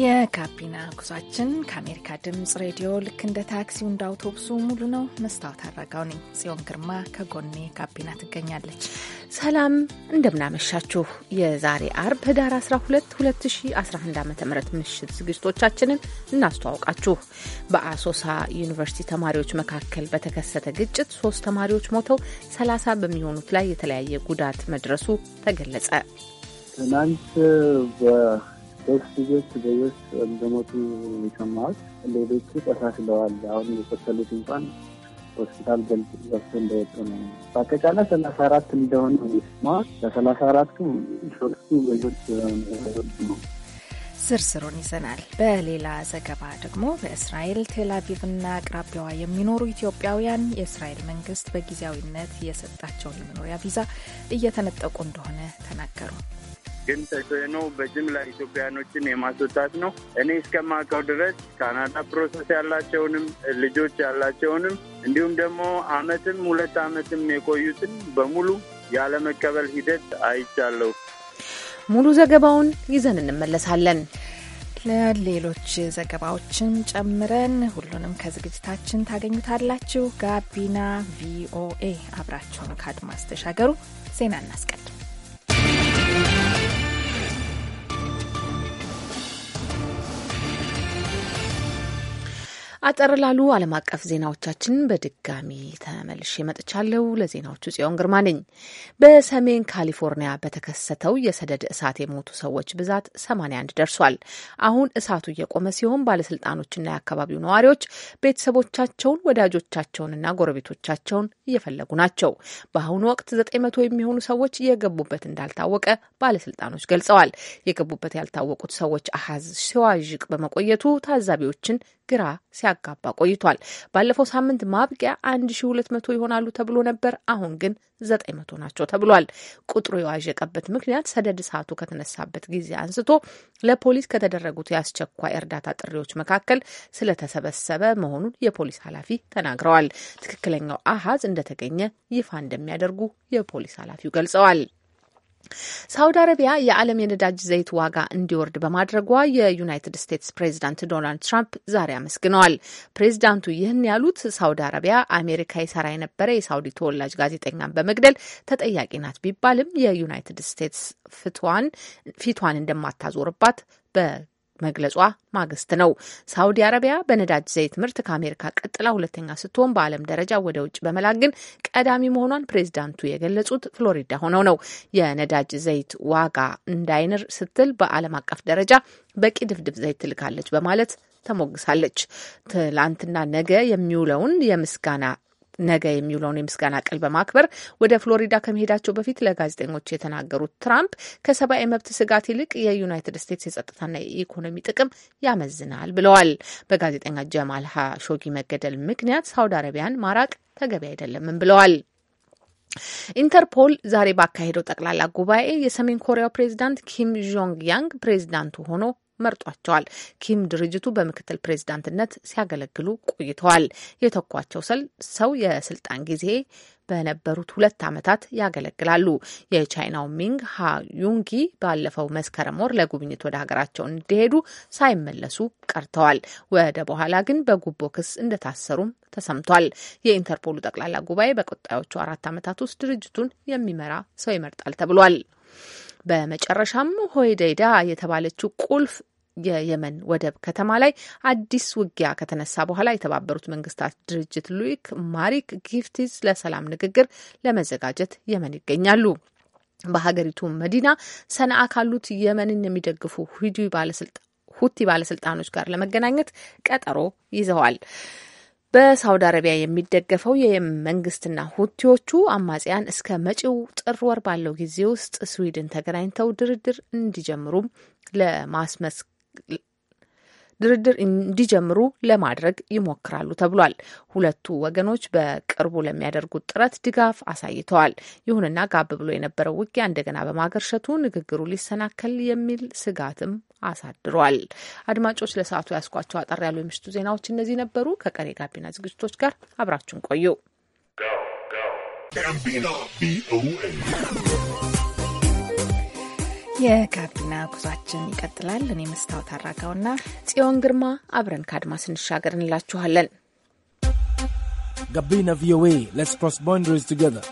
የጋቢና ጉዟችን ከአሜሪካ ድምፅ ሬዲዮ ልክ እንደ ታክሲው እንደ አውቶቡሱ ሙሉ ነው። መስታወት አድረጋው ነኝ ጽዮን ግርማ ከጎኔ ጋቢና ትገኛለች። ሰላም እንደምናመሻችሁ። የዛሬ አርብ ህዳር 12 2011 ዓ ም ምሽት ዝግጅቶቻችንን እናስተዋውቃችሁ። በአሶሳ ዩኒቨርሲቲ ተማሪዎች መካከል በተከሰተ ግጭት ሶስት ተማሪዎች ሞተው 30 በሚሆኑት ላይ የተለያየ ጉዳት መድረሱ ተገለጸ። ትናንት ሶስት ልጆች በየስ እንደሞቱ የሰማሁት ሌሎቹ ቆሳስለዋል። አሁን የቆሰሉት እንኳን ሆስፒታል ገብቶ እንደወጡ ነው። በአጠቃላይ ሰላሳ አራት እንደሆነ ስማ ለሰላሳ አራቱ ሶስቱ በየት ነው። ዝርዝሩን ይዘናል። በሌላ ዘገባ ደግሞ በእስራኤል ቴላቪቭና አቅራቢያዋ የሚኖሩ ኢትዮጵያውያን የእስራኤል መንግስት በጊዜያዊነት የሰጣቸውን የመኖሪያ ቪዛ እየተነጠቁ እንደሆነ ተናገሩ። ግን ተጽዕኖ በጅምላ ኢትዮጵያኖችን የማስወጣት ነው። እኔ እስከማውቀው ድረስ ካናዳ ፕሮሰስ ያላቸውንም ልጆች ያላቸውንም እንዲሁም ደግሞ አመትም ሁለት አመትም የቆዩትን በሙሉ ያለመቀበል ሂደት አይቻለሁ። ሙሉ ዘገባውን ይዘን እንመለሳለን። ለሌሎች ዘገባዎችን ጨምረን ሁሉንም ከዝግጅታችን ታገኙታላችሁ። ጋቢና ቪኦኤ አብራችሁን ከአድማስ ተሻገሩ። ዜና እናስቀድም። አጠር ላሉ ዓለም አቀፍ ዜናዎቻችን በድጋሚ ተመልሼ መጥቻለሁ። ለዜናዎቹ ጽዮን ግርማ ነኝ። በሰሜን ካሊፎርኒያ በተከሰተው የሰደድ እሳት የሞቱ ሰዎች ብዛት 81 ደርሷል። አሁን እሳቱ እየቆመ ሲሆን ባለስልጣኖችና የአካባቢው ነዋሪዎች ቤተሰቦቻቸውን፣ ወዳጆቻቸውንና ጎረቤቶቻቸውን እየፈለጉ ናቸው። በአሁኑ ወቅት 900 የሚሆኑ ሰዎች የገቡበት እንዳልታወቀ ባለስልጣኖች ገልጸዋል። የገቡበት ያልታወቁት ሰዎች አሀዝ ሲዋዥቅ በመቆየቱ ታዛቢዎችን ግራ ሲያ ሲያጋባ ቆይቷል። ባለፈው ሳምንት ማብቂያ 1200 ይሆናሉ ተብሎ ነበር። አሁን ግን 900 ናቸው ተብሏል። ቁጥሩ የዋዠቀበት ምክንያት ሰደድ እሳቱ ከተነሳበት ጊዜ አንስቶ ለፖሊስ ከተደረጉት የአስቸኳይ እርዳታ ጥሪዎች መካከል ስለተሰበሰበ መሆኑን የፖሊስ ኃላፊ ተናግረዋል። ትክክለኛው አሃዝ እንደተገኘ ይፋ እንደሚያደርጉ የፖሊስ ኃላፊው ገልጸዋል። ሳውዲ አረቢያ የዓለም የነዳጅ ዘይት ዋጋ እንዲወርድ በማድረጓ የዩናይትድ ስቴትስ ፕሬዚዳንት ዶናልድ ትራምፕ ዛሬ አመስግነዋል። ፕሬዚዳንቱ ይህን ያሉት ሳውዲ አረቢያ አሜሪካ ይሰራ የነበረ የሳውዲ ተወላጅ ጋዜጠኛን በመግደል ተጠያቂ ናት ቢባልም የዩናይትድ ስቴትስ ፊቷን እንደማታዞርባት በ መግለጿ ማግስት ነው። ሳውዲ አረቢያ በነዳጅ ዘይት ምርት ከአሜሪካ ቀጥላ ሁለተኛ ስትሆን በዓለም ደረጃ ወደ ውጭ በመላክ ግን ቀዳሚ መሆኗን ፕሬዚዳንቱ የገለጹት ፍሎሪዳ ሆነው ነው። የነዳጅ ዘይት ዋጋ እንዳይንር ስትል በዓለም አቀፍ ደረጃ በቂ ድፍድፍ ዘይት ትልካለች በማለት ተሞግሳለች። ትላንትና ነገ የሚውለውን የምስጋና ነገ የሚውለውን የምስጋና ቀን በማክበር ወደ ፍሎሪዳ ከመሄዳቸው በፊት ለጋዜጠኞች የተናገሩት ትራምፕ ከሰብአዊ መብት ስጋት ይልቅ የዩናይትድ ስቴትስ የጸጥታና የኢኮኖሚ ጥቅም ያመዝናል ብለዋል። በጋዜጠኛ ጀማል ሀሾጊ መገደል ምክንያት ሳውዲ አረቢያን ማራቅ ተገቢ አይደለምም ብለዋል። ኢንተርፖል ዛሬ ባካሄደው ጠቅላላ ጉባኤ የሰሜን ኮሪያው ፕሬዚዳንት ኪም ጆንግ ያንግ ፕሬዚዳንቱ ሆኖ መርጧቸዋል። ኪም ድርጅቱ በምክትል ፕሬዚዳንትነት ሲያገለግሉ ቆይተዋል። የተኳቸው ሰው የስልጣን ጊዜ በነበሩት ሁለት ዓመታት ያገለግላሉ። የቻይናው ሚንግ ሃዩንጊ ባለፈው መስከረም ወር ለጉብኝት ወደ ሀገራቸው እንዲሄዱ ሳይመለሱ ቀርተዋል። ወደ በኋላ ግን በጉቦ ክስ እንደታሰሩም ተሰምቷል። የኢንተርፖሉ ጠቅላላ ጉባኤ በቀጣዮቹ አራት ዓመታት ውስጥ ድርጅቱን የሚመራ ሰው ይመርጣል ተብሏል። በመጨረሻም ሆይደይዳ የተባለችው ቁልፍ የየመን ወደብ ከተማ ላይ አዲስ ውጊያ ከተነሳ በኋላ የተባበሩት መንግስታት ድርጅት ሉዊክ ማሪክ ጊፍቲዝ ለሰላም ንግግር ለመዘጋጀት የመን ይገኛሉ። በሀገሪቱ መዲና ሰነአ ካሉት የመንን የሚደግፉ ሁቲ ባለስልጣኖች ጋር ለመገናኘት ቀጠሮ ይዘዋል። በሳውዲ አረቢያ የሚደገፈው የየመን መንግስትና ሁቲዎቹ አማጽያን እስከ መጪው ጥር ወር ባለው ጊዜ ውስጥ ስዊድን ተገናኝተው ድርድር እንዲጀምሩም ለማስመስ ድርድር እንዲጀምሩ ለማድረግ ይሞክራሉ ተብሏል። ሁለቱ ወገኖች በቅርቡ ለሚያደርጉት ጥረት ድጋፍ አሳይተዋል። ይሁንና ጋብ ብሎ የነበረው ውጊያ እንደገና በማገርሸቱ ንግግሩ ሊሰናከል የሚል ስጋትም አሳድሯል። አድማጮች፣ ለሰዓቱ ያስኳቸው አጠር ያሉ የምሽቱ ዜናዎች እነዚህ ነበሩ። ከቀሬ ጋቢና ዝግጅቶች ጋር አብራችሁን ቆዩ። የጋቢና ጉዟችን ይቀጥላል። እኔ መስታወት አራጋውና ጽዮን ግርማ አብረን ከአድማስ እንሻገር እንላችኋለን። ጋቢና ቪኦኤ ሌትስ ክሮስ ባውንደሪስ ቱጌዘር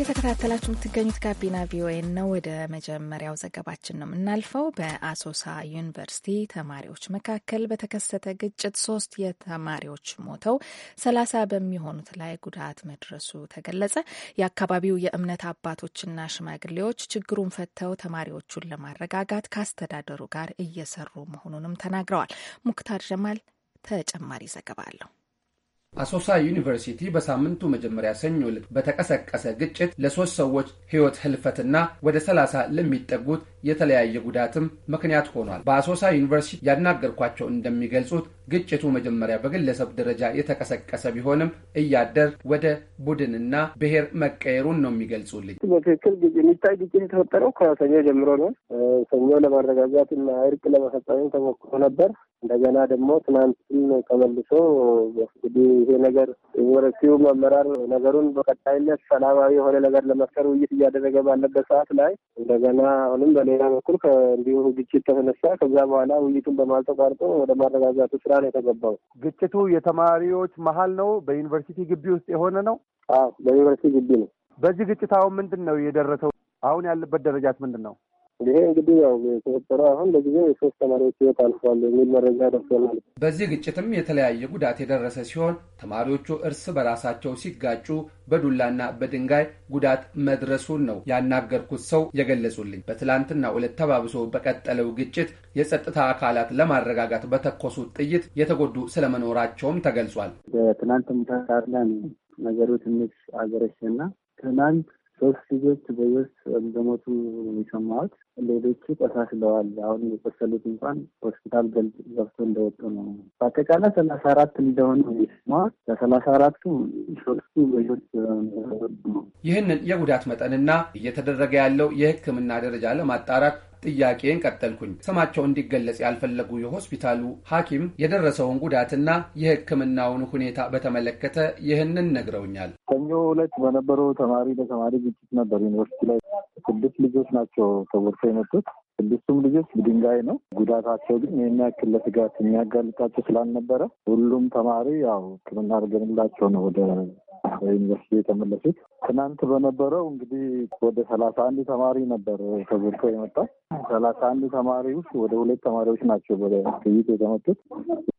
የተከታተላችሁ የምትገኙት ጋቢና ቪኦኤ ነው። ወደ መጀመሪያው ዘገባችን ነው የምናልፈው። በአሶሳ ዩኒቨርሲቲ ተማሪዎች መካከል በተከሰተ ግጭት ሶስት የተማሪዎች ሞተው ሰላሳ በሚሆኑት ላይ ጉዳት መድረሱ ተገለጸ። የአካባቢው የእምነት አባቶችና ሽማግሌዎች ችግሩን ፈተው ተማሪዎቹን ለማረጋጋት ከአስተዳደሩ ጋር እየሰሩ መሆኑንም ተናግረዋል። ሙክታር ጀማል ተጨማሪ ዘገባ አለው። አሶሳ ዩኒቨርሲቲ በሳምንቱ መጀመሪያ ሰኞ ዕለት በተቀሰቀሰ ግጭት ለሶስት ሰዎች ሕይወት ህልፈትና ወደ ሰላሳ ለሚጠጉት የተለያየ ጉዳትም ምክንያት ሆኗል። በአሶሳ ዩኒቨርሲቲ ያናገርኳቸው እንደሚገልጹት ግጭቱ መጀመሪያ በግለሰብ ደረጃ የተቀሰቀሰ ቢሆንም እያደር ወደ ቡድንና ብሔር መቀየሩን ነው የሚገልጹልኝ። በትክክል የሚታይ ግጭት የተፈጠረው ከሰኞ ጀምሮ ነው። ሰኞ ለማረጋጋት እና እርቅ ለመፈጸም ተሞክሮ ነበር። እንደገና ደግሞ ትናንትም ተመልሶ እንግዲህ ይሄ ነገር ዩኒቨርሲቲው መመራር ነገሩን በቀጣይነት ሰላማዊ የሆነ ነገር ለመፍጠር ውይይት እያደረገ ባለበት ሰዓት ላይ እንደገና አሁንም በሌላ በኩል እንዲሁ ግጭት ተነሳ። ከዛ በኋላ ውይይቱን በማልተቋርጦ ወደ ማረጋጋቱ ስራ ነው የተገባው። ግጭቱ የተማሪዎች መሀል ነው፣ በዩኒቨርሲቲ ግቢ ውስጥ የሆነ ነው። አዎ በዩኒቨርሲቲ ግቢ ነው። በዚህ ግጭት አሁን ምንድን ነው የደረሰው? አሁን ያለበት ደረጃት ምንድን ነው? ይሄ እንግዲህ ያው የተወጠረ አሁን ለጊዜው የሶስት ተማሪዎች ህይወት አልፏል የሚል መረጃ ደርሶናል። በዚህ ግጭትም የተለያየ ጉዳት የደረሰ ሲሆን ተማሪዎቹ እርስ በራሳቸው ሲጋጩ በዱላና በድንጋይ ጉዳት መድረሱን ነው ያናገርኩት ሰው የገለጹልኝ። በትላንትና ዕለት ተባብሶ በቀጠለው ግጭት የጸጥታ አካላት ለማረጋጋት በተኮሱት ጥይት የተጎዱ ስለመኖራቸውም ተገልጿል። በትናንት ምታሳላ ነገሩ ትንሽ አገረሽና ትናንት ሶስት ልጆች በየስ እንደሞቱ የሰማሁት፣ ሌሎቹ ተሳስለዋል። አሁን የቆሰሉት እንኳን ሆስፒታል ገብቶ እንደወጡ ነው። በአጠቃላይ ሰላሳ አራት እንደሆኑ የሰማሁት፣ ከሰላሳ አራቱ ሶስቱ በህይወት ነው። ይህንን የጉዳት መጠንና እየተደረገ ያለው የሕክምና ደረጃ ለማጣራት ጥያቄን ቀጠልኩኝ። ስማቸው እንዲገለጽ ያልፈለጉ የሆስፒታሉ ሐኪም የደረሰውን ጉዳትና የሕክምናውን ሁኔታ በተመለከተ ይህንን ነግረውኛል። ሰኞ ዕለት በነበረው ተማሪ በተማሪ ግጭት ነበር ዩኒቨርሲቲ ላይ ስድስት ልጆች ናቸው ተጎድተው የመጡት ስድስቱም ልጆች ድንጋይ ነው። ጉዳታቸው ግን ይህን ያክል ለስጋት የሚያጋልጣቸው ስላልነበረ ሁሉም ተማሪ ያው ሕክምና አድርገንላቸው ነው ወደ ዩኒቨርሲቲ የተመለሱት። ትናንት በነበረው እንግዲህ ወደ ሰላሳ አንድ ተማሪ ነበር ተጎድቶ የመጣው። ሰላሳ አንድ ተማሪ ውስጥ ወደ ሁለት ተማሪዎች ናቸው በጥይት የተመቱት።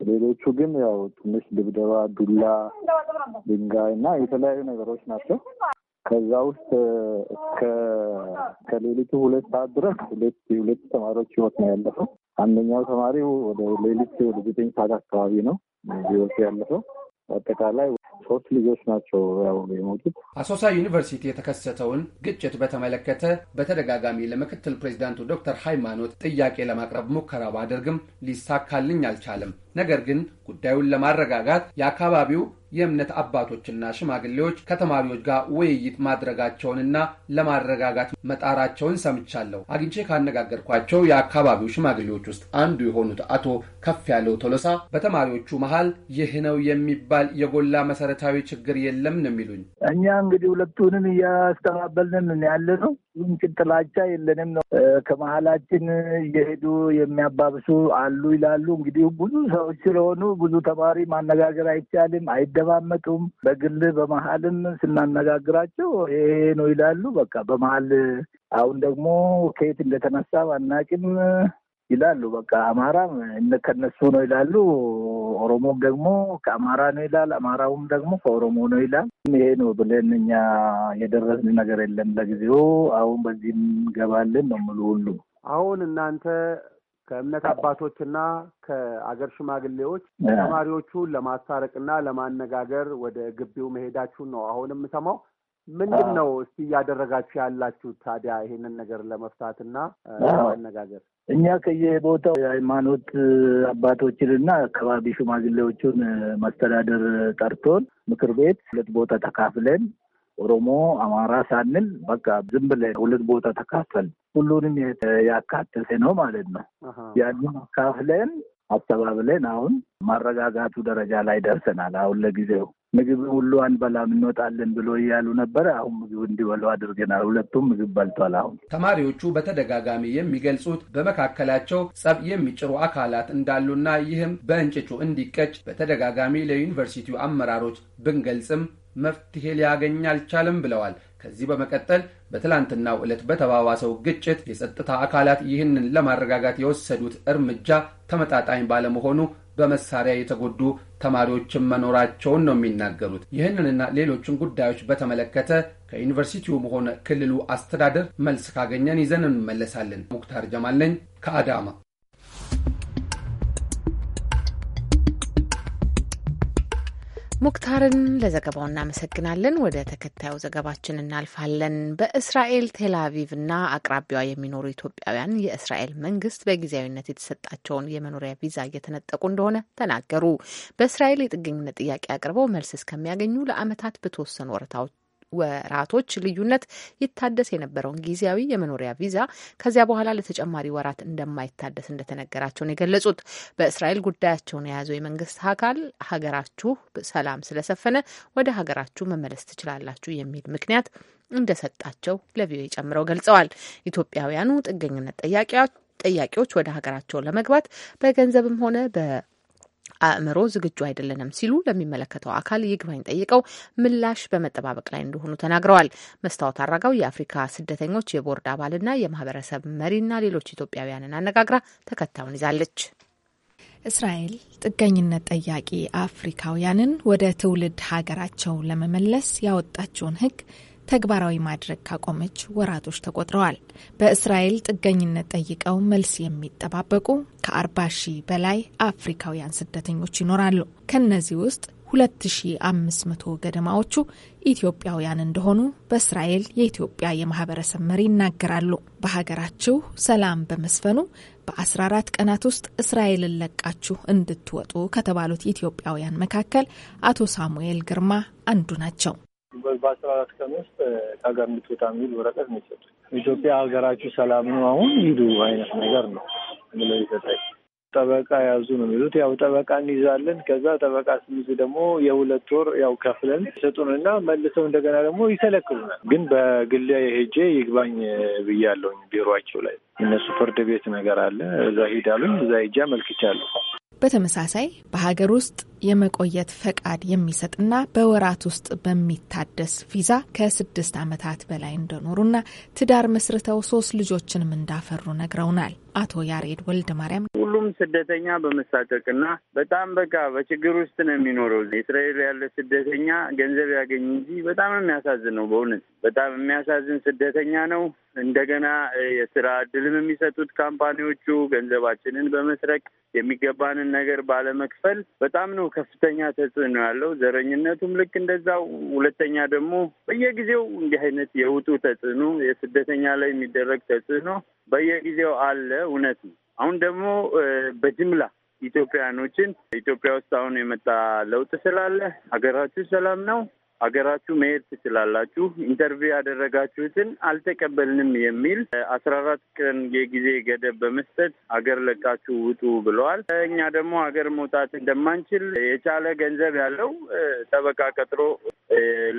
ሌሎቹ ግን ያው ትንሽ ድብደባ፣ ዱላ፣ ድንጋይ እና የተለያዩ ነገሮች ናቸው። ከዛ ውስጥ ከሌሊቱ ሁለት ሰዓት ድረስ ሁለት የሁለት ተማሪዎች ህይወት ነው ያለፈው። አንደኛው ተማሪው ወደ ሌሊት ወደ ዘጠኝ ሰዓት አካባቢ ነው ህይወቱ ያለፈው። አጠቃላይ ሶስት ልጆች ናቸው ያው የሞቱት። አሶሳ ዩኒቨርሲቲ የተከሰተውን ግጭት በተመለከተ በተደጋጋሚ ለምክትል ፕሬዚዳንቱ ዶክተር ሃይማኖት ጥያቄ ለማቅረብ ሙከራ ባደርግም ሊሳካልኝ አልቻለም። ነገር ግን ጉዳዩን ለማረጋጋት የአካባቢው የእምነት አባቶችና ሽማግሌዎች ከተማሪዎች ጋር ውይይት ማድረጋቸውንና ለማረጋጋት መጣራቸውን ሰምቻለሁ። አግኝቼ ካነጋገርኳቸው የአካባቢው ሽማግሌዎች ውስጥ አንዱ የሆኑት አቶ ከፍ ያለው ቶሎሳ በተማሪዎቹ መሀል ይህ ነው የሚባል የጎላ መሰረታዊ ችግር የለም ነው የሚሉኝ። እኛ እንግዲህ ሁለቱንም እያስተባበልንን ያለ ነው ምንጭን ጥላቻ የለንም ነው። ከመሀላችን እየሄዱ የሚያባብሱ አሉ ይላሉ። እንግዲህ ብዙ ሰዎች ስለሆኑ ብዙ ተማሪ ማነጋገር አይቻልም፣ አይደማመጡም። በግል በመሀልም ስናነጋግራቸው ይሄ ነው ይላሉ። በቃ በመሀል አሁን ደግሞ ከየት እንደተነሳ አናውቅም። ይላሉ። በቃ አማራም ከነሱ ነው ይላሉ። ኦሮሞ ደግሞ ከአማራ ነው ይላል። አማራውም ደግሞ ከኦሮሞ ነው ይላል። ይሄ ነው ብለን እኛ የደረስን ነገር የለም ለጊዜው። አሁን በዚህ እንገባለን ነው ምሉ ሁሉ አሁን እናንተ ከእምነት አባቶችና ከአገር ሽማግሌዎች ተማሪዎቹን ለማስታረቅና ለማነጋገር ወደ ግቢው መሄዳችሁን ነው አሁን የምሰማው። ምንድን ነው እስቲ እያደረጋችሁ ያላችሁ ታዲያ ይሄንን ነገር ለመፍታትና ለማነጋገር? እኛ ከየቦታው የሃይማኖት አባቶችንና አካባቢ ሽማግሌዎቹን መስተዳደር ጠርቶን ምክር ቤት ሁለት ቦታ ተካፍለን ኦሮሞ፣ አማራ ሳንል በቃ ዝም ብለን ሁለት ቦታ ተካፈል ሁሉንም ያካተተ ነው ማለት ነው። ያንን አካፍለን አስተባብለን አሁን ማረጋጋቱ ደረጃ ላይ ደርሰናል። አሁን ለጊዜው ምግብ ሁሉ አንበላም እንወጣለን ብሎ እያሉ ነበረ። አሁን ምግብ እንዲበሉ አድርገናል። ሁለቱም ምግብ በልቷል። አሁን ተማሪዎቹ በተደጋጋሚ የሚገልጹት በመካከላቸው ጸብ የሚጭሩ አካላት እንዳሉና ይህም በእንጭጩ እንዲቀጭ በተደጋጋሚ ለዩኒቨርሲቲው አመራሮች ብንገልጽም መፍትሄ ሊያገኝ አልቻለም ብለዋል። ከዚህ በመቀጠል በትላንትናው ዕለት በተባባሰው ግጭት የጸጥታ አካላት ይህንን ለማረጋጋት የወሰዱት እርምጃ ተመጣጣኝ ባለመሆኑ በመሳሪያ የተጎዱ ተማሪዎችን መኖራቸውን ነው የሚናገሩት። ይህንንና ሌሎችን ጉዳዮች በተመለከተ ከዩኒቨርሲቲውም ሆነ ክልሉ አስተዳደር መልስ ካገኘን ይዘን እንመለሳለን። ሙክታር ጀማል ነኝ ከአዳማ። ሙክታርን ለዘገባው እናመሰግናለን። ወደ ተከታዩ ዘገባችን እናልፋለን። በእስራኤል ቴል አቪቭና አቅራቢዋ የሚኖሩ ኢትዮጵያውያን የእስራኤል መንግስት በጊዜያዊነት የተሰጣቸውን የመኖሪያ ቪዛ እየተነጠቁ እንደሆነ ተናገሩ። በእስራኤል የጥገኝነት ጥያቄ አቅርበው መልስ እስከሚያገኙ ለዓመታት በተወሰኑ ወረታዎች ወራቶች ልዩነት ይታደስ የነበረውን ጊዜያዊ የመኖሪያ ቪዛ ከዚያ በኋላ ለተጨማሪ ወራት እንደማይታደስ እንደተነገራቸውን የገለጹት በእስራኤል ጉዳያቸውን የያዘው የመንግስት አካል ሀገራችሁ ሰላም ስለሰፈነ ወደ ሀገራችሁ መመለስ ትችላላችሁ የሚል ምክንያት እንደሰጣቸው ለቪኦኤ ጨምረው ገልጸዋል። ኢትዮጵያውያኑ ጥገኝነት ጠያቂዎች ወደ ሀገራቸው ለመግባት በገንዘብም ሆነ አእምሮ ዝግጁ አይደለንም ሲሉ ለሚመለከተው አካል ይግባኝ ጠይቀው ምላሽ በመጠባበቅ ላይ እንደሆኑ ተናግረዋል። መስታወት አራጋው የአፍሪካ ስደተኞች የቦርድ አባልና የማህበረሰብ መሪና ሌሎች ኢትዮጵያውያንን አነጋግራ ተከታዩን ይዛለች። እስራኤል ጥገኝነት ጠያቂ አፍሪካውያንን ወደ ትውልድ ሀገራቸው ለመመለስ ያወጣቸውን ህግ። ተግባራዊ ማድረግ ካቆመች ወራቶች ተቆጥረዋል። በእስራኤል ጥገኝነት ጠይቀው መልስ የሚጠባበቁ ከአርባ ሺህ በላይ አፍሪካውያን ስደተኞች ይኖራሉ። ከእነዚህ ውስጥ 2500 ገደማዎቹ ኢትዮጵያውያን እንደሆኑ በእስራኤል የኢትዮጵያ የማህበረሰብ መሪ ይናገራሉ። በሀገራችሁ ሰላም በመስፈኑ በ14 ቀናት ውስጥ እስራኤልን ለቃችሁ እንድትወጡ ከተባሉት ኢትዮጵያውያን መካከል አቶ ሳሙኤል ግርማ አንዱ ናቸው። በአስራ አራት ቀን ውስጥ ከሀገር እንድትወጣ የሚል ወረቀት ነው የሰጡት። ኢትዮጵያ ሀገራችሁ ሰላም ነው አሁን ሂዱ አይነት ነገር ነው ብለው ይሰጣል። ጠበቃ ያዙ ነው የሚሉት። ያው ጠበቃ እንይዛለን። ከዛ ጠበቃ ስንይዝ ደግሞ የሁለት ወር ያው ከፍለን ይሰጡን እና መልሰው እንደገና ደግሞ ይሰለክሉናል። ግን በግል ሄጄ ይግባኝ ብያለሁኝ ቢሮቸው ላይ እነሱ ፍርድ ቤት ነገር አለ እዛ ሂዳሉኝ። እዛ ሄጄ አመልክቻለሁ። በተመሳሳይ በሀገር ውስጥ የመቆየት ፈቃድ የሚሰጥና በወራት ውስጥ በሚታደስ ቪዛ ከስድስት ዓመታት በላይ እንደኖሩና ትዳር መስርተው ሶስት ልጆችንም እንዳፈሩ ነግረውናል። አቶ ያሬድ ወልደ ማርያም ሁሉም ስደተኛ በመሳቀቅና በጣም በቃ በችግር ውስጥ ነው የሚኖረው። እስራኤል ያለ ስደተኛ ገንዘብ ያገኝ እንጂ በጣም የሚያሳዝን ነው። በእውነት በጣም የሚያሳዝን ስደተኛ ነው። እንደገና የስራ እድልም የሚሰጡት ካምፓኒዎቹ ገንዘባችንን በመስረቅ የሚገባንን ነገር ባለመክፈል በጣም ነው ከፍተኛ ተጽዕኖ ያለው። ዘረኝነቱም ልክ እንደዛው። ሁለተኛ ደግሞ በየጊዜው እንዲህ አይነት የውጡ ተጽዕኖ፣ የስደተኛ ላይ የሚደረግ ተጽዕኖ በየጊዜው አለ። እውነት ነው። አሁን ደግሞ በጅምላ ኢትዮጵያኖችን ኢትዮጵያ ውስጥ አሁን የመጣ ለውጥ ስላለ ሀገራችሁ ሰላም ነው አገራችሁ መሄድ ትችላላችሁ፣ ኢንተርቪው ያደረጋችሁትን አልተቀበልንም የሚል አስራ አራት ቀን የጊዜ ገደብ በመስጠት አገር ለቃችሁ ውጡ ብለዋል። እኛ ደግሞ አገር መውጣት እንደማንችል የቻለ ገንዘብ ያለው ጠበቃ ቀጥሮ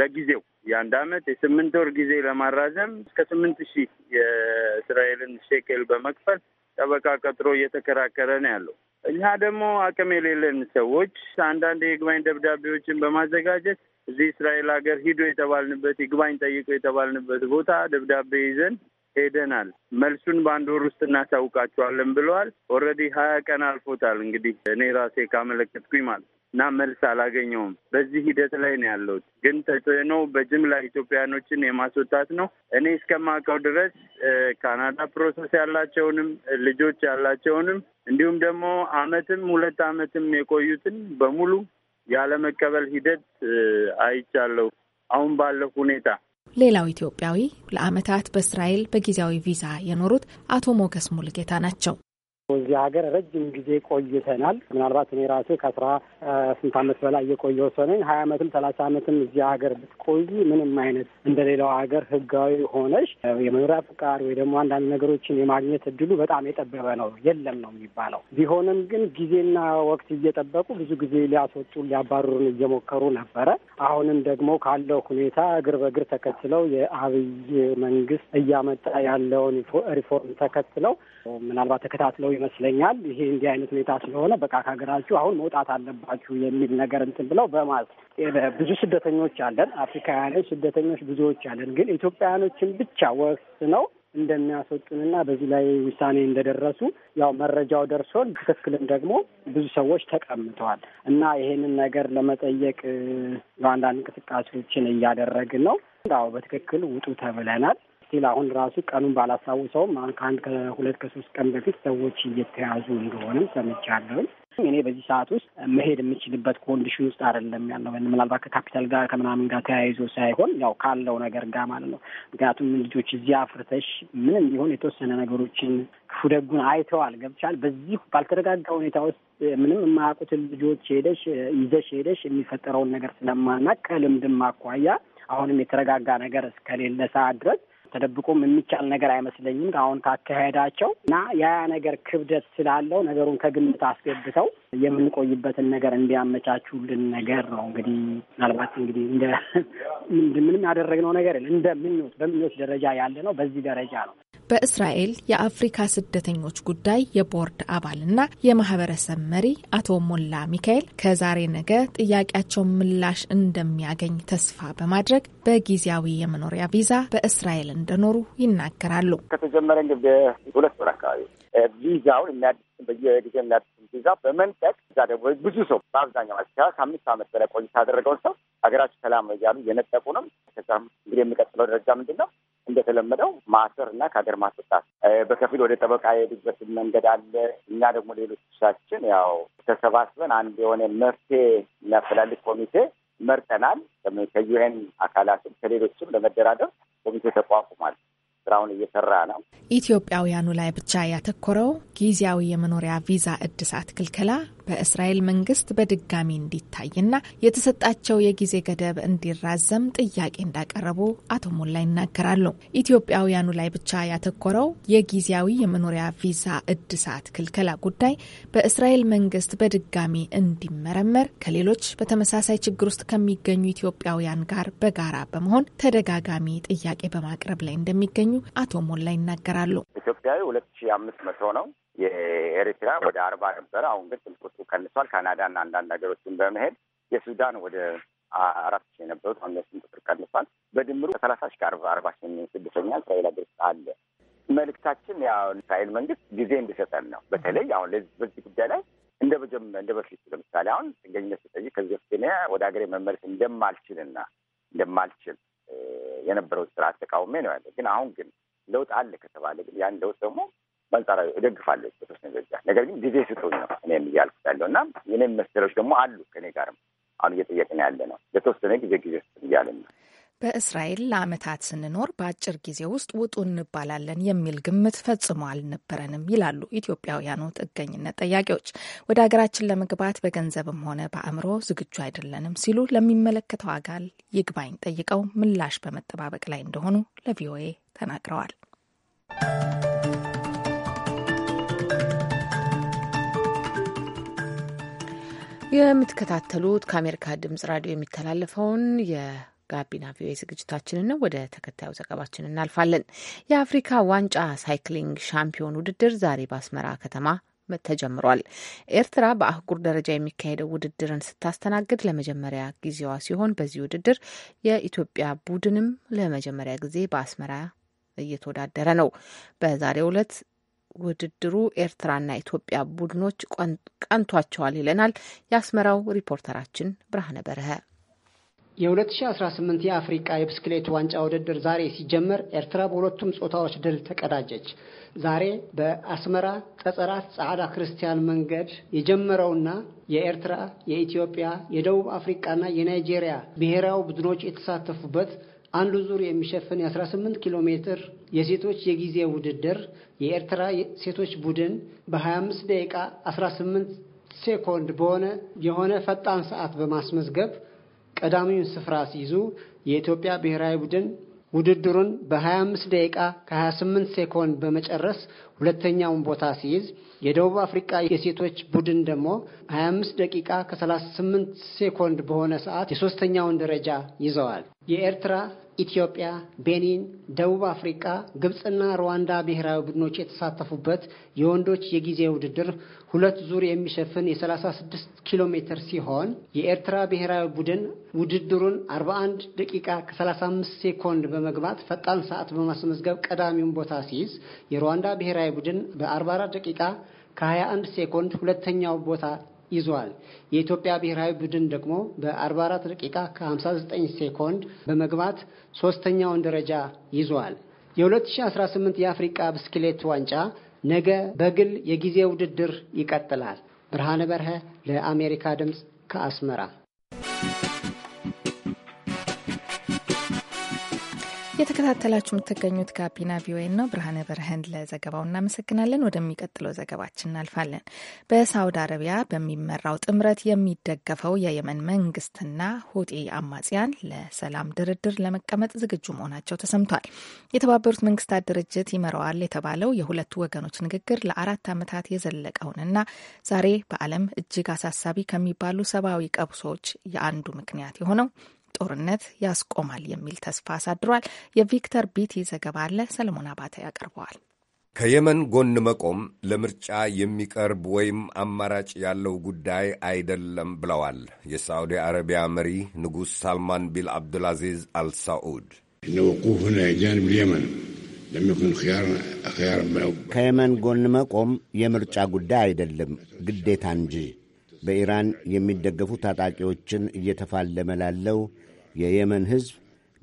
ለጊዜው የአንድ አመት የስምንት ወር ጊዜ ለማራዘም እስከ ስምንት ሺህ የእስራኤልን ሼኬል በመክፈል ጠበቃ ቀጥሮ እየተከራከረ ነው ያለው። እኛ ደግሞ አቅም የሌለን ሰዎች አንዳንድ የይግባኝ ደብዳቤዎችን በማዘጋጀት እዚህ እስራኤል ሀገር ሂዶ የተባልንበት ይግባኝ ጠይቆ የተባልንበት ቦታ ደብዳቤ ይዘን ሄደናል። መልሱን በአንድ ወር ውስጥ እናሳውቃቸዋለን ብለዋል። ኦልሬዲ ሀያ ቀን አልፎታል። እንግዲህ እኔ ራሴ ካመለከትኩኝ ማለት እና መልስ አላገኘውም። በዚህ ሂደት ላይ ነው ያለሁት። ግን ተጽዕኖ በጅምላ ኢትዮጵያያኖችን የማስወጣት ነው። እኔ እስከማውቀው ድረስ ካናዳ ፕሮሰስ ያላቸውንም ልጆች ያላቸውንም እንዲሁም ደግሞ አመትም ሁለት አመትም የቆዩትን በሙሉ ያለመቀበል ሂደት አይቻለሁ አሁን ባለው ሁኔታ። ሌላው ኢትዮጵያዊ ለአመታት በእስራኤል በጊዜያዊ ቪዛ የኖሩት አቶ ሞገስ ሙልጌታ ናቸው። እዚህ ሀገር ረጅም ጊዜ ቆይተናል። ምናልባት እኔ ራሴ ከአስራ ስንት አመት በላይ እየቆየሁ ሰው ነኝ። ሀያ አመትም ሰላሳ አመትም እዚህ ሀገር ብትቆይ ምንም አይነት እንደሌላው ሀገር ህጋዊ ሆነሽ የመኖሪያ ፍቃድ ወይ ደግሞ አንዳንድ ነገሮችን የማግኘት እድሉ በጣም የጠበበ ነው፣ የለም ነው የሚባለው። ቢሆንም ግን ጊዜና ወቅት እየጠበቁ ብዙ ጊዜ ሊያስወጡ ሊያባሩን እየሞከሩ ነበረ። አሁንም ደግሞ ካለው ሁኔታ እግር በእግር ተከትለው የአብይ መንግስት እያመጣ ያለውን ሪፎርም ተከትለው ምናልባት ተከታትለው ይመስለኛል። ይሄ እንዲህ አይነት ሁኔታ ስለሆነ በቃ ከሀገራችሁ አሁን መውጣት አለባችሁ የሚል ነገር እንትን ብለው በማለት ብዙ ስደተኞች አለን፣ አፍሪካውያኖች ስደተኞች ብዙዎች አለን። ግን ኢትዮጵያውያኖችን ብቻ ነው እንደሚያስወጡንና በዚህ ላይ ውሳኔ እንደደረሱ ያው መረጃው ደርሶን ትክክልም ደግሞ ብዙ ሰዎች ተቀምጠዋል እና ይሄንን ነገር ለመጠየቅ አንዳንድ እንቅስቃሴዎችን እያደረግን ነው። አዎ በትክክል ውጡ ተብለናል። ስቲል አሁን ራሱ ቀኑን አሁን ከአንድ ከሁለት ከሶስት ቀን በፊት ሰዎች እየተያዙ እንደሆነም ሰምቻለሁኝ። እኔ በዚህ ሰዓት ውስጥ መሄድ የምችልበት ኮንዲሽን ውስጥ አይደለም ያለው። ምናልባት ከካፒታል ጋር ከምናምን ጋር ተያይዞ ሳይሆን ያው ካለው ነገር ጋር ማለት ነው። ምክንያቱም ልጆች እዚህ አፍርተሽ ምንም ቢሆን የተወሰነ ነገሮችን ክፉ ደጉን አይተዋል፣ ገብቻል። በዚህ ባልተረጋጋ ሁኔታ ውስጥ ምንም የማያውቁትን ልጆች ሄደሽ ይዘሽ ሄደሽ የሚፈጠረውን ነገር ስለማናቅ ከልምድም አኳያ አሁንም የተረጋጋ ነገር እስከሌለ ሰዓት ድረስ ተደብቆም የሚቻል ነገር አይመስለኝም። አሁን ካካሄዳቸው እና ያ ነገር ክብደት ስላለው ነገሩን ከግምት አስገብተው የምንቆይበትን ነገር እንዲያመቻቹልን ነገር ነው። እንግዲህ ምናልባት እንግዲህ እንደ ምንም ያደረግነው ነገር እንደ ምኞት በምኞት ደረጃ ያለ ነው። በዚህ ደረጃ ነው። በእስራኤል የአፍሪካ ስደተኞች ጉዳይ የቦርድ አባልና የማህበረሰብ መሪ አቶ ሞላ ሚካኤል ከዛሬ ነገ ጥያቄያቸው ምላሽ እንደሚያገኝ ተስፋ በማድረግ በጊዜያዊ የመኖሪያ ቪዛ በእስራኤል እንደኖሩ ይናገራሉ። ከተጀመረ እንግዲህ ሁለት ወር አካባቢ ቪዛውን የሚያድስ በየጊዜ የሚያድስ ቪዛ በመንጠቅ እዛ ደግሞ ብዙ ሰው በአብዛኛው ማለት ከአምስት ዓመት በላይ ቆይታ ያደረገውን ሰው ሀገራችን ሰላም እያሉ እየነጠቁ ነው። ከዛም እንግዲህ የሚቀጥለው ደረጃ ምንድን ነው? እንደተለመደው ማሰር እና ከሀገር ማስወጣት በከፊል ወደ ጠበቃ የሄዱበት መንገድ አለ። እኛ ደግሞ ሌሎቻችን ያው ተሰባስበን አንድ የሆነ መፍትሄ የሚያፈላልግ ኮሚቴ መርጠናል። ከዩኤን አካላትም ከሌሎችም ለመደራደር ኮሚቴ ተቋቁሟል። ስራውን እየሰራ ነው። ኢትዮጵያውያኑ ላይ ብቻ ያተኮረው ጊዜያዊ የመኖሪያ ቪዛ እድሳት ክልከላ በእስራኤል መንግስት በድጋሚ እንዲታይና የተሰጣቸው የጊዜ ገደብ እንዲራዘም ጥያቄ እንዳቀረቡ አቶ ሞላ ይናገራሉ። ኢትዮጵያውያኑ ላይ ብቻ ያተኮረው የጊዜያዊ የመኖሪያ ቪዛ እድሳት ክልከላ ጉዳይ በእስራኤል መንግስት በድጋሚ እንዲመረመር ከሌሎች በተመሳሳይ ችግር ውስጥ ከሚገኙ ኢትዮጵያውያን ጋር በጋራ በመሆን ተደጋጋሚ ጥያቄ በማቅረብ ላይ እንደሚገኙ አቶ ሞላ ይናገራሉ። ኢትዮጵያዊ ሁለት ሺ አምስት መቶ ነው። የኤርትራ ወደ አርባ ነበረ። አሁን ግን ትንቁርቱ ቀንሷል። ካናዳና አንዳንድ ሀገሮችን በመሄድ የሱዳን ወደ አራት ሺህ የነበሩት አሁን እነሱን ቁጥር ቀንሷል። በድምሩ ከሰላሳ ሺህ ከአርባ አርባ ሺህ የሚሆን ስደተኛ እስራኤል ሀገር ውስጥ አለ። መልእክታችን ያው እስራኤል መንግስት ጊዜ እንዲሰጠን ነው። በተለይ አሁን በዚህ ጉዳይ ላይ እንደ እንደ በፊት ለምሳሌ አሁን ጥገኝነት ስጠይቅ ከዚህ በፊት እኔ ወደ ሀገሬ መመለስ እንደማልችልና እንደማልችል የነበረው ስርዓት ተቃውሜ ነው ያለ። ግን አሁን ግን ለውጥ አለ ከተባለ ግን ያን ለውጥ ደግሞ በአንጻራዊ እደግፋለሁ የተወሰነ ደረጃ። ነገር ግን ጊዜ ስጡኝ ነው እኔም እያልኩት ያለው እና የኔም መሰሎች ደግሞ አሉ ከኔ ጋርም አሁን እየጠየቅን ያለ ነው። ለተወሰነ ጊዜ ጊዜ ስጡኝ እያለን ነው። በእስራኤል ለአመታት ስንኖር በአጭር ጊዜ ውስጥ ውጡ እንባላለን የሚል ግምት ፈጽሞ አልነበረንም ይላሉ ኢትዮጵያውያኑ ጥገኝነት ጠያቂዎች። ወደ ሀገራችን ለመግባት በገንዘብም ሆነ በአእምሮ ዝግጁ አይደለንም ሲሉ ለሚመለከተው አካል ይግባኝ ጠይቀው ምላሽ በመጠባበቅ ላይ እንደሆኑ ለቪኦኤ ተናግረዋል። የምትከታተሉት ከአሜሪካ ድምጽ ራዲዮ የሚተላለፈውን የጋቢና ቪኦኤ ዝግጅታችንን ነው። ወደ ተከታዩ ዘገባችን እናልፋለን። የአፍሪካ ዋንጫ ሳይክሊንግ ሻምፒዮን ውድድር ዛሬ በአስመራ ከተማ ተጀምሯል። ኤርትራ በአህጉር ደረጃ የሚካሄደው ውድድርን ስታስተናግድ ለመጀመሪያ ጊዜዋ ሲሆን በዚህ ውድድር የኢትዮጵያ ቡድንም ለመጀመሪያ ጊዜ በአስመራ እየተወዳደረ ነው። በዛሬው ዕለት ውድድሩ ኤርትራና ኢትዮጵያ ቡድኖች ቀንቷቸዋል ይለናል የአስመራው ሪፖርተራችን ብርሃነ በረሀ። የ2018 የአፍሪቃ የብስክሌት ዋንጫ ውድድር ዛሬ ሲጀመር ኤርትራ በሁለቱም ጾታዎች ድል ተቀዳጀች። ዛሬ በአስመራ ቀጸራት ጻዕዳ ክርስቲያን መንገድ የጀመረውና የኤርትራ፣ የኢትዮጵያ፣ የደቡብ አፍሪቃና የናይጄሪያ ብሔራዊ ቡድኖች የተሳተፉበት አንዱ ዙር የሚሸፍን የ18 ኪሎ ሜትር የሴቶች የጊዜ ውድድር የኤርትራ ሴቶች ቡድን በ25 ደቂቃ 18 ሴኮንድ በሆነ የሆነ ፈጣን ሰዓት በማስመዝገብ ቀዳሚውን ስፍራ ሲይዙ የኢትዮጵያ ብሔራዊ ቡድን ውድድሩን በ25 ደቂቃ ከ28 ሴኮንድ በመጨረስ ሁለተኛውን ቦታ ሲይዝ የደቡብ አፍሪቃ የሴቶች ቡድን ደግሞ 25 ደቂቃ ከ38 ሴኮንድ በሆነ ሰዓት የሶስተኛውን ደረጃ ይዘዋል። የኤርትራ፣ ኢትዮጵያ፣ ቤኒን፣ ደቡብ አፍሪቃ፣ ግብፅና ሩዋንዳ ብሔራዊ ቡድኖች የተሳተፉበት የወንዶች የጊዜ ውድድር ሁለት ዙር የሚሸፍን የ36 ኪሎ ሜትር ሲሆን የኤርትራ ብሔራዊ ቡድን ውድድሩን 41 ደቂቃ ከ35 ሴኮንድ በመግባት ፈጣን ሰዓት በማስመዝገብ ቀዳሚውን ቦታ ሲይዝ የሩዋንዳ ብሔራዊ ቡድን በ44 ደቂቃ ከ21 ሴኮንድ ሁለተኛው ቦታ ይዟል። የኢትዮጵያ ብሔራዊ ቡድን ደግሞ በ44 ደቂቃ ከ59 ሴኮንድ በመግባት ሶስተኛውን ደረጃ ይዟል። የ2018 የአፍሪቃ ብስክሌት ዋንጫ ነገ በግል የጊዜ ውድድር ይቀጥላል። ብርሃነ በርሀ ለአሜሪካ ድምፅ ከአስመራ እየተከታተላችሁ የምትገኙት ጋቢና ቪኦኤ ነው። ብርሃነ በርህን ለዘገባው እናመሰግናለን። ወደሚቀጥለው ዘገባችን እናልፋለን። በሳውዲ አረቢያ በሚመራው ጥምረት የሚደገፈው የየመን መንግስትና ሁጤ አማጽያን ለሰላም ድርድር ለመቀመጥ ዝግጁ መሆናቸው ተሰምቷል። የተባበሩት መንግስታት ድርጅት ይመራዋል የተባለው የሁለቱ ወገኖች ንግግር ለአራት ዓመታት የዘለቀውንና ዛሬ በዓለም እጅግ አሳሳቢ ከሚባሉ ሰብአዊ ቀብሶች የአንዱ ምክንያት የሆነው ጦርነት ያስቆማል የሚል ተስፋ አሳድሯል። የቪክተር ቢቲ ዘገባ አለ፣ ሰለሞን አባተ ያቀርበዋል። ከየመን ጎን መቆም ለምርጫ የሚቀርብ ወይም አማራጭ ያለው ጉዳይ አይደለም ብለዋል የሳዑዲ አረቢያ መሪ ንጉሥ ሳልማን ቢን አብዱልአዚዝ አልሳዑድ። ከየመን ጎን መቆም የምርጫ ጉዳይ አይደለም፣ ግዴታ እንጂ በኢራን የሚደገፉ ታጣቂዎችን እየተፋለመ ላለው የየመን ሕዝብ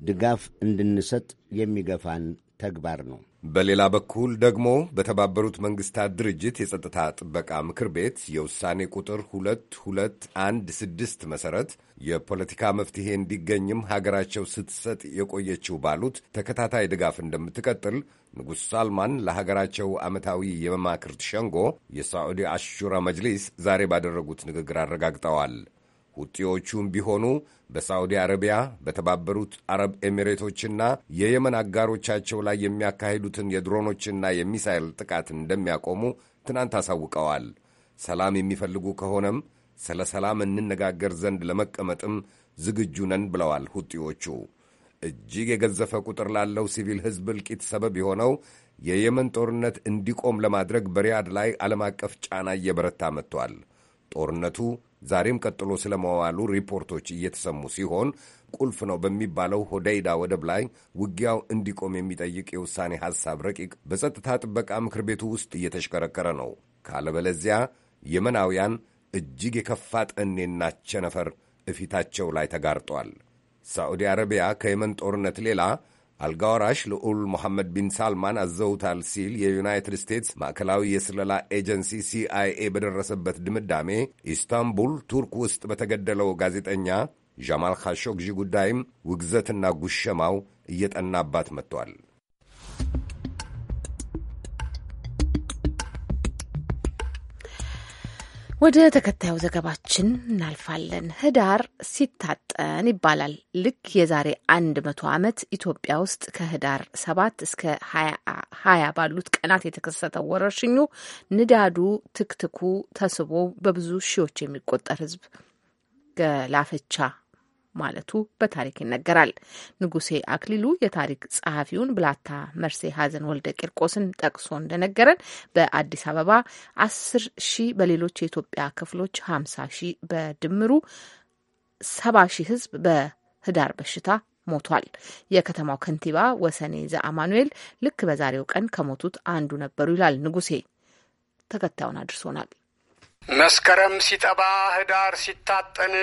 ድጋፍ እንድንሰጥ የሚገፋን ተግባር ነው። በሌላ በኩል ደግሞ በተባበሩት መንግስታት ድርጅት የጸጥታ ጥበቃ ምክር ቤት የውሳኔ ቁጥር 2216 መሠረት የፖለቲካ መፍትሄ እንዲገኝም ሀገራቸው ስትሰጥ የቆየችው ባሉት ተከታታይ ድጋፍ እንደምትቀጥል ንጉሥ ሳልማን ለሀገራቸው ዓመታዊ የመማክርት ሸንጎ የሳዑዲ አሹራ መጅሊስ ዛሬ ባደረጉት ንግግር አረጋግጠዋል። ውጤዎቹም ቢሆኑ በሳዑዲ አረቢያ በተባበሩት አረብ ኤሚሬቶችና የየመን አጋሮቻቸው ላይ የሚያካሂዱትን የድሮኖችና የሚሳይል ጥቃት እንደሚያቆሙ ትናንት አሳውቀዋል። ሰላም የሚፈልጉ ከሆነም ስለ ሰላም እንነጋገር ዘንድ ለመቀመጥም ዝግጁ ነን ብለዋል ሁጢዎቹ። እጅግ የገዘፈ ቁጥር ላለው ሲቪል ሕዝብ እልቂት ሰበብ የሆነው የየመን ጦርነት እንዲቆም ለማድረግ በሪያድ ላይ ዓለም አቀፍ ጫና እየበረታ መጥቷል። ጦርነቱ ዛሬም ቀጥሎ ስለመዋሉ ሪፖርቶች እየተሰሙ ሲሆን ቁልፍ ነው በሚባለው ሆደይዳ ወደብ ላይ ውጊያው እንዲቆም የሚጠይቅ የውሳኔ ሐሳብ ረቂቅ በጸጥታ ጥበቃ ምክር ቤቱ ውስጥ እየተሽከረከረ ነው። ካለበለዚያ የመናውያን እጅግ የከፋ ጠኔና ቸነፈር እፊታቸው ላይ ተጋርጧል። ሳዑዲ አረቢያ ከየመን ጦርነት ሌላ አልጋወራሽ ልዑል ሞሐመድ ቢን ሳልማን አዘውታል ሲል የዩናይትድ ስቴትስ ማዕከላዊ የስለላ ኤጀንሲ ሲአይኤ በደረሰበት ድምዳሜ ኢስታንቡል ቱርክ ውስጥ በተገደለው ጋዜጠኛ ዣማል ካሾግዢ ጉዳይም ውግዘትና ጉሸማው እየጠናባት መጥቷል። ወደ ተከታዩ ዘገባችን እናልፋለን። ህዳር ሲታጠን ይባላል። ልክ የዛሬ አንድ መቶ ዓመት ኢትዮጵያ ውስጥ ከህዳር ሰባት እስከ ሀያ ባሉት ቀናት የተከሰተው ወረርሽኙ ንዳዱ ትክትኩ ተስቦ በብዙ ሺዎች የሚቆጠር ህዝብ ገላፈቻ ማለቱ በታሪክ ይነገራል። ንጉሴ አክሊሉ የታሪክ ጸሐፊውን ብላታ መርሴ ሀዘን ወልደ ቂርቆስን ጠቅሶ እንደነገረን በአዲስ አበባ አስር ሺህ በሌሎች የኢትዮጵያ ክፍሎች ሀምሳ ሺህ በድምሩ ሰባ ሺህ ህዝብ በህዳር በሽታ ሞቷል። የከተማው ከንቲባ ወሰኔ ዘአማኑኤል ልክ በዛሬው ቀን ከሞቱት አንዱ ነበሩ ይላል ንጉሴ። ተከታዩን አድርሶናል። መስከረም ሲጠባ ህዳር ሲታጠን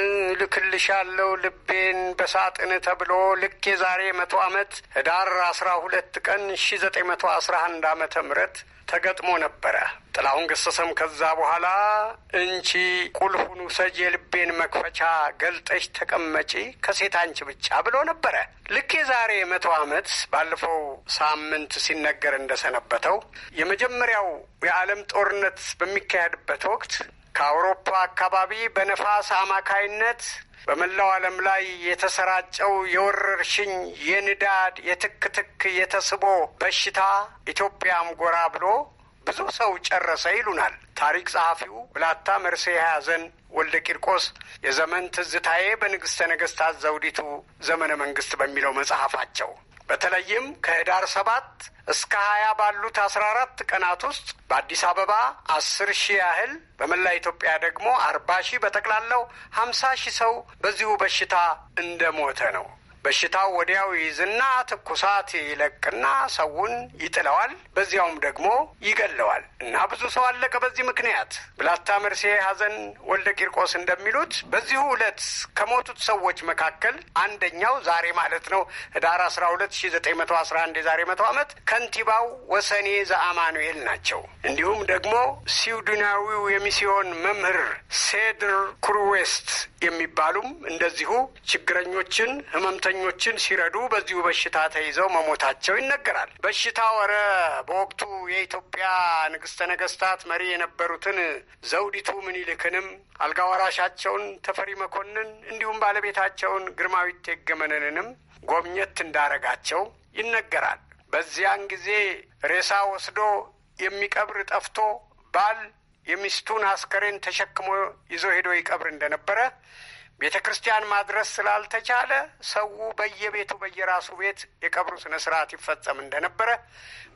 ያለው ልቤን በሳጥን ተብሎ ልክ የዛሬ መቶ ዓመት ህዳር አስራ ሁለት ቀን ሺ ዘጠኝ መቶ አስራ አንድ ዓመተ ምህረት ተገጥሞ ነበረ። ጥላሁን ገሰሰም ከዛ በኋላ እንቺ ቁልፉን ውሰጅ የልቤን መክፈቻ ገልጠሽ ተቀመጪ ከሴት አንቺ ብቻ ብሎ ነበረ። ልክ የዛሬ መቶ ዓመት ባለፈው ሳምንት ሲነገር እንደሰነበተው የመጀመሪያው የዓለም ጦርነት በሚካሄድበት ወቅት ከአውሮፓ አካባቢ በነፋስ አማካይነት በመላው ዓለም ላይ የተሰራጨው የወረርሽኝ የንዳድ የትክትክ የተስቦ በሽታ ኢትዮጵያም ጎራ ብሎ ብዙ ሰው ጨረሰ ይሉናል ታሪክ ጸሐፊው ብላታ መርሴ የያዘን ወልደ ቂርቆስ የዘመን ትዝታዬ በንግሥተ ነገሥታት ዘውዲቱ ዘመነ መንግሥት በሚለው መጽሐፋቸው በተለይም ከህዳር ሰባት እስከ ሀያ ባሉት አስራ አራት ቀናት ውስጥ በአዲስ አበባ አስር ሺህ ያህል በመላ ኢትዮጵያ ደግሞ አርባ ሺህ በጠቅላላው ሀምሳ ሺህ ሰው በዚሁ በሽታ እንደሞተ ነው በሽታው ወዲያው ይይዝና ትኩሳት ይለቅና ሰውን ይጥለዋል። በዚያውም ደግሞ ይገለዋል እና ብዙ ሰው አለቀ በዚህ ምክንያት። ብላታ መርሴ ሀዘን ወልደ ቂርቆስ እንደሚሉት በዚሁ ዕለት ከሞቱት ሰዎች መካከል አንደኛው ዛሬ ማለት ነው ህዳር 12 1911 የዛሬ መቶ ዓመት ከንቲባው ወሰኔ ዘአማኑኤል ናቸው። እንዲሁም ደግሞ ስዊድናዊው የሚስዮን መምህር ሴድር ክሩዌስት የሚባሉም እንደዚሁ ችግረኞችን ህመምተ በሽተኞችን ሲረዱ በዚሁ በሽታ ተይዘው መሞታቸው ይነገራል። በሽታ ወረ በወቅቱ የኢትዮጵያ ንግሥተ ነገስታት መሪ የነበሩትን ዘውዲቱ ምኒልክንም አልጋ ወራሻቸውን ተፈሪ መኮንን እንዲሁም ባለቤታቸውን ግርማዊት እቴጌመነንንም ጎብኘት እንዳረጋቸው ይነገራል። በዚያን ጊዜ ሬሳ ወስዶ የሚቀብር ጠፍቶ ባል የሚስቱን አስከሬን ተሸክሞ ይዞ ሄዶ ይቀብር እንደነበረ ቤተ ክርስቲያን ማድረስ ስላልተቻለ ሰው በየቤቱ በየራሱ ቤት የቀብሩ ስነ ስርዓት ይፈጸም እንደነበረ፣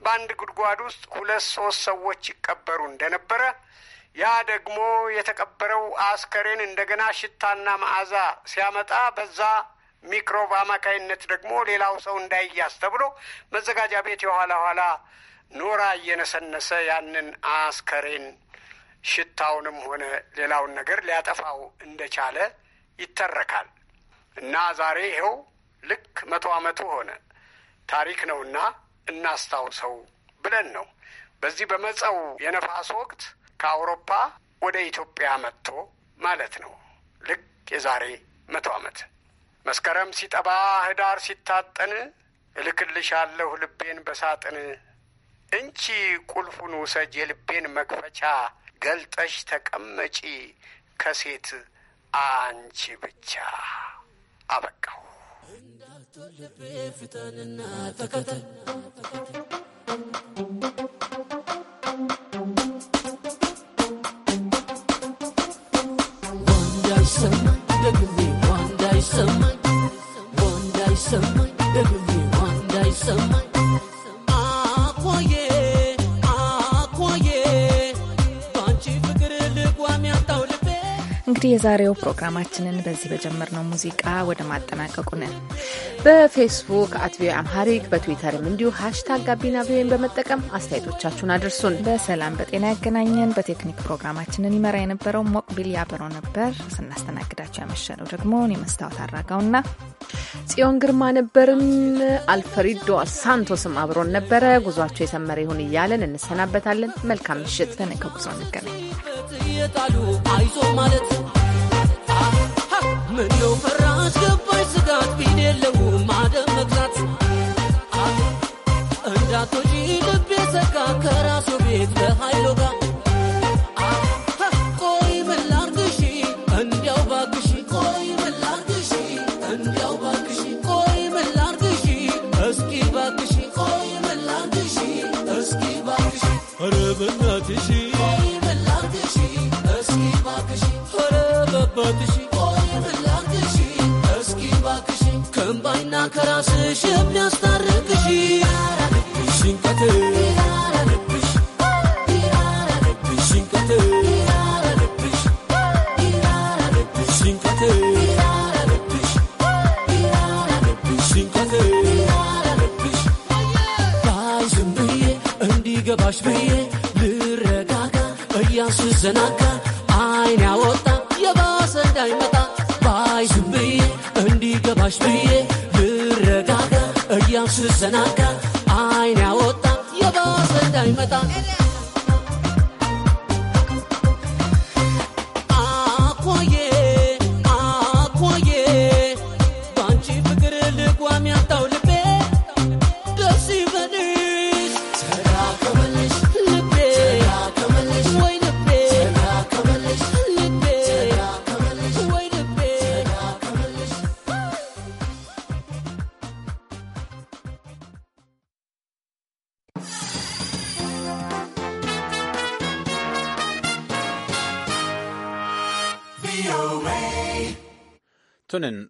በአንድ ጉድጓድ ውስጥ ሁለት ሶስት ሰዎች ይቀበሩ እንደነበረ፣ ያ ደግሞ የተቀበረው አስከሬን እንደገና ሽታና መዓዛ ሲያመጣ በዛ ሚክሮብ አማካይነት ደግሞ ሌላው ሰው እንዳይያዝ ተብሎ መዘጋጃ ቤት የኋላ ኋላ ኖራ እየነሰነሰ ያንን አስከሬን ሽታውንም ሆነ ሌላውን ነገር ሊያጠፋው እንደቻለ ይተረካል እና ዛሬ ይኸው ልክ መቶ ዓመቱ ሆነ። ታሪክ ነውና እናስታውሰው ብለን ነው። በዚህ በመጸው የነፋስ ወቅት ከአውሮፓ ወደ ኢትዮጵያ መጥቶ ማለት ነው። ልክ የዛሬ መቶ ዓመት መስከረም ሲጠባ ህዳር ሲታጠን እልክልሻለሁ ልቤን በሳጥን እንቺ ቁልፉን ውሰጅ የልቤን መክፈቻ ገልጠሽ ተቀመጪ ከሴት አንቺ ብቻ አበቃው። ፍጠንና ተከተል One day, some እንግዲህ የዛሬው ፕሮግራማችንን በዚህ በጀመርነው ሙዚቃ ወደ ማጠናቀቁ ነን። በፌስቡክ አት ቪኦኤ አምሃሪክ በትዊተርም እንዲሁ ሀሽታግ ጋቢና ቪኦኤን በመጠቀም አስተያየቶቻችሁን አድርሱን። በሰላም በጤና ያገናኘን። በቴክኒክ ፕሮግራማችንን ይመራ የነበረው ሞቅቢል ያበረው ነበር። ስናስተናግዳቸው ያመሸነው ደግሞ እኔ መስታወት አራጋውና ጽዮን ግርማ ነበርን። አልፈሪዶ ሳንቶስም አብሮን ነበረ። ጉዟቸው የሰመረ ይሁን እያለን እንሰናበታለን። መልካም ምሽት። ተነገ ጉዞ እንገናኝ። አይዞ ማለት ምነው ፈራ አስገባሽ ስጋት ቢን የለውም አደም መግዛት እንዳቶጂ ልቤ ዘጋ ከራሱ ቤት በሀይሎጋ አባትሽ ቆይምላክሽ እስኪ ባክሽ ከእምባይና ከራስሽ የሚያስታርቅሽ ሽንቀት እንዲገባሽ ብዬ ልረጋጋ እያስዘናጋ አይን ያወጣ ግማሽ ብዬ ልረጋጋ እያልኩ ስሰናጋ አይን ያወጣ የባሰ እንዳይመጣ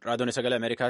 raadiyoon sagalee Ameerikaa